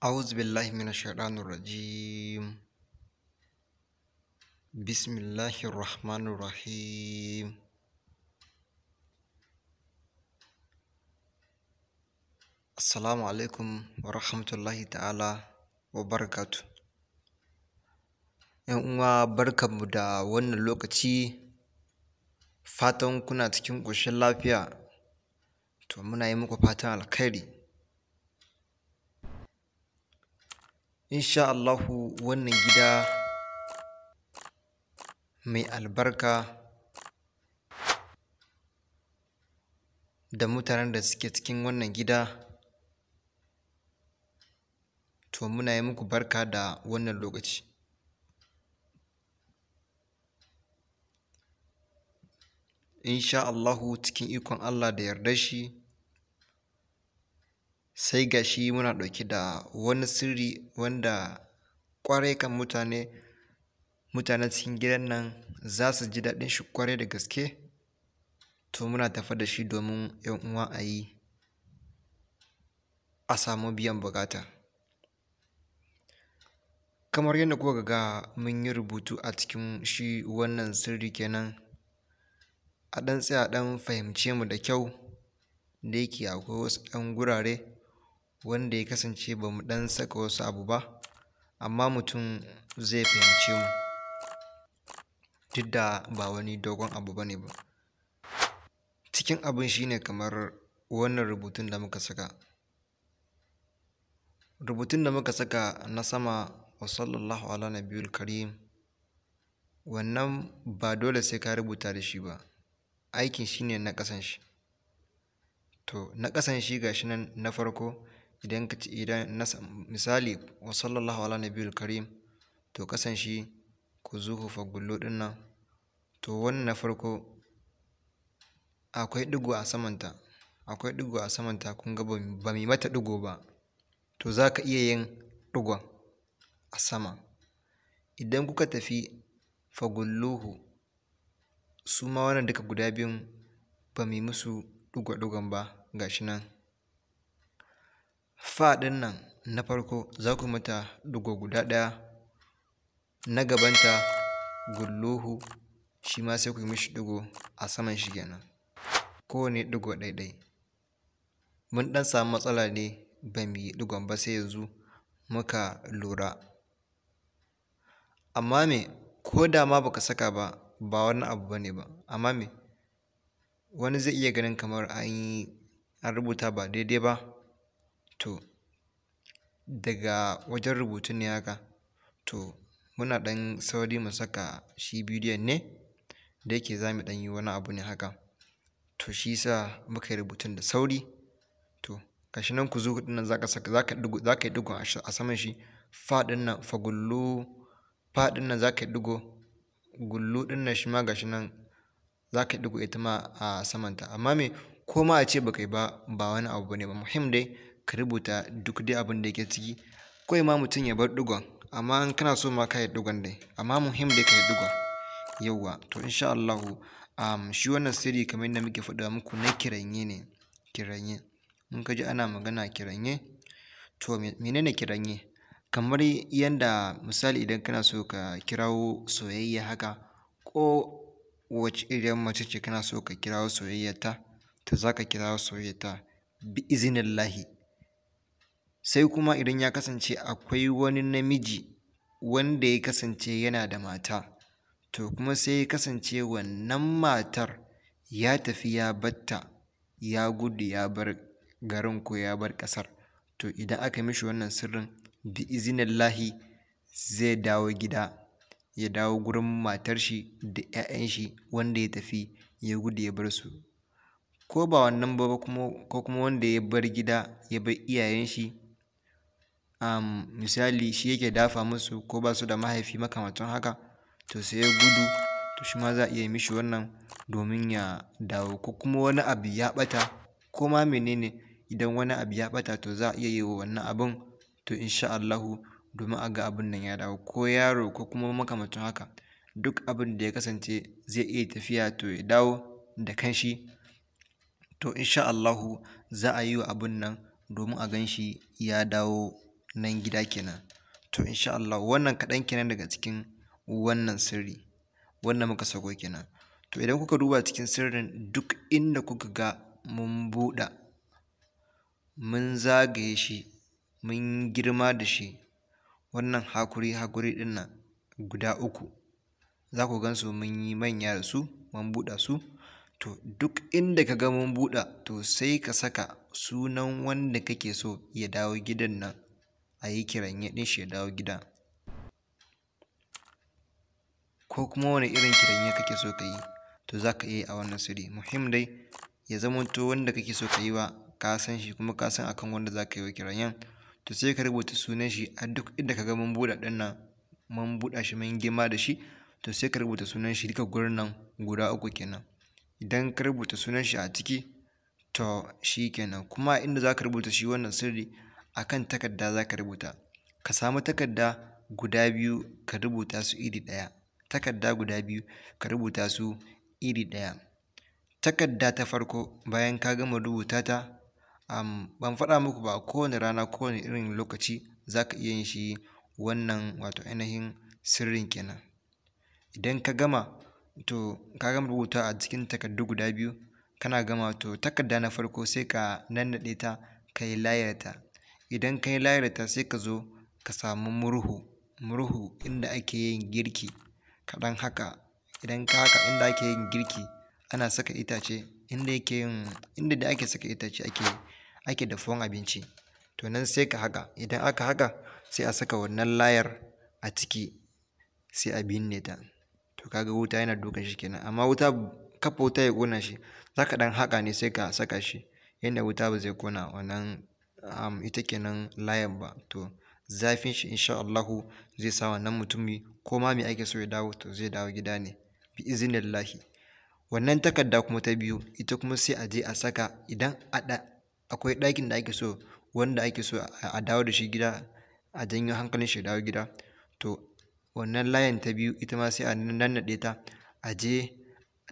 أعوذ بالله من الشيطان الرجيم بسم الله الرحمن الرحيم السلام عليكم ورحمة الله تعالى وبركاته ‘Yan uwa barkanmu da wannan lokaci fatan kuna cikin ƙoshin lafiya to muna yi muku fatan alkhairi insha Allahu wannan gida mai albarka da mutanen da suke cikin wannan gida to muna yi muku barka da wannan lokaci insha Allahu cikin ikon Allah da yarda shi sai ga shi muna ɗauke da wani sirri wanda ƙwarai kan mutane mutane cikin gidan nan za su ji daɗin shi kwarai da gaske to muna tafa da shi domin 'yan uwa a yi a samu biyan bukata kamar yadda kuka ga mun yi rubutu a cikin shi wannan sirri kenan a ɗan tsaya ɗan fahimce mu da kyau da yake akwai wasu ɗan gurare wanda ya kasance ba mu ɗan saka wasu abu ba amma mutum zai fahimce mu duk da ba wani dogon abu ba ba cikin abin shine kamar wannan rubutun da muka saka rubutun da muka saka na sama wa sallallahu ala nabiyul karim wannan ba dole sai ka rubuta da shi ba aikin shine na ƙasan shi to na ƙasan shi gashi nan na farko idan ka ci idan nasa misali wa sallallahu ala nabiyul karim to kasan ku zuhu fa gullo din nan to wannan na farko akwai digo a samanta akwai digo a samanta kun ga ba mai mata digo ba to za ka iya yin digon a sama idan kuka tafi fa gulluhu su ma wannan duka guda biyun ba mai musu digo-digon ba ga shi nan fa ɗin nan na farko za ku mata dugo guda ɗaya na gabanta gulluhu shi ma sai ku yi mishi dugo a saman shi kenan kowane dugo ɗaiɗai mun ɗan samu matsala ne ba mu yi dugon ba sai yanzu muka lura amma me ko da ma baka saka ba ba wani abu ba ne ba amma me wani zai iya ganin kamar an yi an rubuta ba daidai ba to daga wajen rubutu ne haka to muna ɗan sauri mu saka shi bidiyon ne da yake za mu ɗan yi wani abu ne haka to shi sa muka yi rubutun da sauri to gashi nan ku zo ɗin nan za ka saka za ka yi ɗigo a saman shi fa ɗin nan fa gullu fa ɗin nan za ka yi ɗigo gullu ɗin nan shi ma gashi nan za ka yi ɗigo ita ma a samanta amma me ko ma a ce ba kai ba ba wani abu ne ba muhim dai ka rubuta duk dai abin da yake ciki kawai ma mutum ya bar ɗigon amma in kana so ma ka yi ɗigon dai amma muhim dai ka yi ɗigon yauwa to insha Allah um, shi wannan siri kamar yadda muke faɗa muku na kiranye ne kiranye in ka ji ana magana kiranye to menene kiranye kamar yadda misali idan kana so ka kirawo soyayya haka ko wacce idan mace ce kana so ka kirawo soyayya ta, ta za ka kirawo ta bi lahi sai kuma idan ya kasance akwai wani namiji wanda ya kasance yana da mata to kuma sai ya kasance wannan matar ya tafi ya batta ya gudu ya bar garin ko ya bar ƙasar to idan aka mishi wannan sirrin bi lahi zai dawo gida ya dawo gurin matar shi da 'ya'yan shi wanda ya tafi ya gudu ya bar su ko ba wannan ba ko kuma wanda ya bar gida ya bar iyayen shi um, misali shi yake dafa musu ko ba su da mahaifi makamacin haka to sai ya gudu to shi ma za a iya mishi wannan domin ya dawo ko kuma wani abu ya bata ko ma menene idan wani abu ya bata to za a iya yi wa wannan abun to insha Allahu domin a ga abin nan ya dawo ko yaro ko kuma makamacin haka duk abin da ya kasance zai iya tafiya to ya dawo da kanshi to insha Allahu za a yi wa abin nan domin a gan shi ya dawo nan gida kenan to insha Allah wannan kaɗan kenan daga cikin wannan sirri wannan muka sako kenan to idan kuka duba cikin sirrin duk inda kuka ga mun buɗa mun zagaye shi mun girma da shi wannan hakuri hakuri ɗin nan guda uku za ku gan su mun yi manya da su mun buɗa su to duk inda ka ga mun buɗa to sai ka saka sunan wanda kake so ya dawo gidan nan a yi kiranye ɗin shi ya dawo gida ko kuma wani irin kiranye kake so ka yi to za ka iya a wannan sirri muhim dai ya zamanto wanda kake so ka yi wa ka san shi kuma ka san akan wanda za ka yi wa kiranyen to sai ka rubuta sunan shi a duk inda ka ga mun buɗa ɗin nan mun buɗa shi mun girma da shi to sai ka rubuta sunan shi duka gurin nan guda uku kenan idan ka rubuta sunan shi a ciki to shi kenan kuma inda za ka rubuta shi wannan sirri a kan takarda za ka rubuta ka samu takarda guda biyu ka rubuta su iri ɗaya takarda guda biyu ka rubuta su iri ɗaya takarda ta farko bayan ka gama rubuta ta ban faɗa muku ba kowane rana kowane irin lokaci za ka iya yin shi wannan wato ainihin sirrin kenan idan ka gama to ka gama rubuta a cikin takardu guda biyu kana gama to takarda na farko sai ka nannaɗe ta ka yi ta idan ka yi ta sai ka zo ka samu murhu murhu inda ake yin girki kaɗan haka idan ka haka inda ake yin girki ana saka itace inda yake yin inda da ake saka itace ake ake dafuwan abinci to nan sai ka haka idan aka haka sai a saka wannan layar a ciki sai a binne ta to kaga wuta yana dukan shi kenan amma wuta kafa wuta ya ƙona shi za ka ɗan haƙa ne sai ka saka shi yanda wuta ba zai ƙona wannan um, ita kenan layan ba to zafin shi insha Allahu zai sa wannan mutumi ko ma me ake so ya dawo to zai dawo gida ne bi iznillahi wannan takarda kuma ta biyu ita kuma sai a je a saka idan akwai ɗakin da ake so wanda ake so a dawo da shi gida a janyo hankalin shi dawo gida to wannan layin ta biyu ita ma sai a nannaɗe ta a je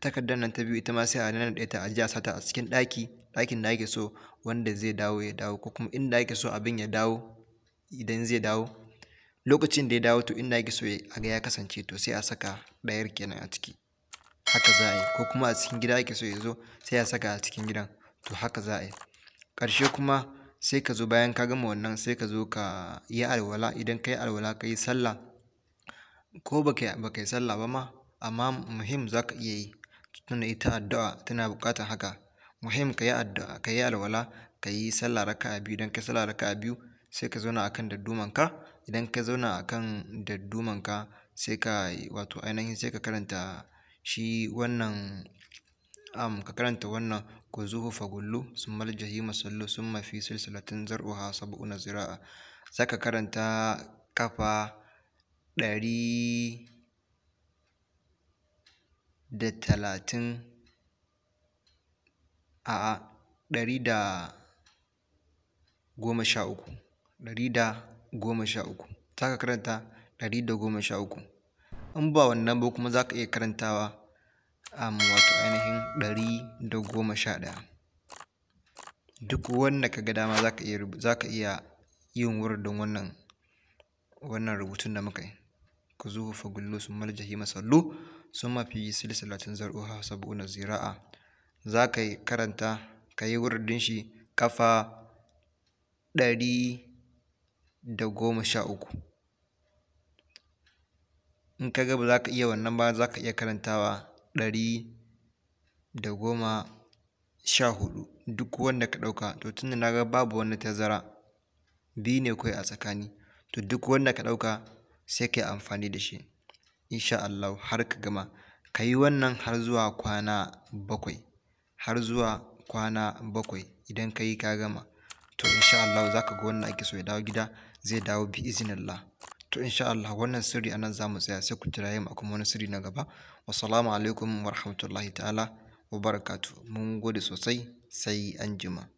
takardar nan ta biyu ita ma sai a nannaɗe ta a je a sata a cikin ɗaki ɗakin da ake so wanda zai dawo ya dawo ko kuma inda ake so abin ya dawo idan zai dawo lokacin da ya dawo to inda ake so a ga ya kasance to sai a saka ɗayar kenan a ciki haka za a yi ko kuma a cikin gida ake so ya zo sai a saka a cikin gidan to haka za a yi ƙarshe kuma sai ka zo bayan ka gama wannan sai ka zo ka yi alwala idan ka yi alwala ka yi sallah ko ba ka yi sallah ba ma amma muhim za ka iya yi tunda ita addu'a tana buƙatar haka muhim ka yi addu'a ka yi alwala ka yi sallah raka'a biyu idan ka yi sallah raka'a biyu sai ka zauna akan daddumanka idan ka zauna akan daddumanka sai ka wato ainihin sai ka karanta shi wannan am ka karanta wannan kuzuhu fagullu summal jahima sallu summa fi silsilatin zar'uha sab'una zira'a ka karanta kafa ɗari da talatin A'a, ɗari da goma sha uku. Ɗari da goma sha uku. Za ka karanta ɗari da goma sha uku. In ba wannan ba kuma za ka iya karantawa, a um, wato ainihin ɗari da goma sha ɗaya. Duk wanda ka ga dama za ka iya, yin wurin wannan, wannan rubutun da muka yi. Ku zuhu sun sun yi masallu sun mafi silsilatun zar'uha sab'una zira'a. za ka karanta ka yi wurdin shi kafa ɗari da goma sha uku in ka ga ba za ka iya wannan ba za ka iya karantawa ɗari da goma sha hudu? duk wanda ka ɗauka to da na ga babu wani tazara biyu ne kawai a tsakani to duk wanda ka ɗauka sai ka yi amfani da shi insha Allah har ka gama ka yi wannan har zuwa kwana bakwai har zuwa kwana bakwai idan ka yi ka gama to insha Allah za ka ga wannan ake so ya dawo gida zai dawo bi Allah to insha Allah wannan sirri anan za mu tsaya sai ku jira yau akwai wani sirri na gaba salamu alaikum wa rahmatullahi ta'ala wa barakatu mun gode sosai sai anjima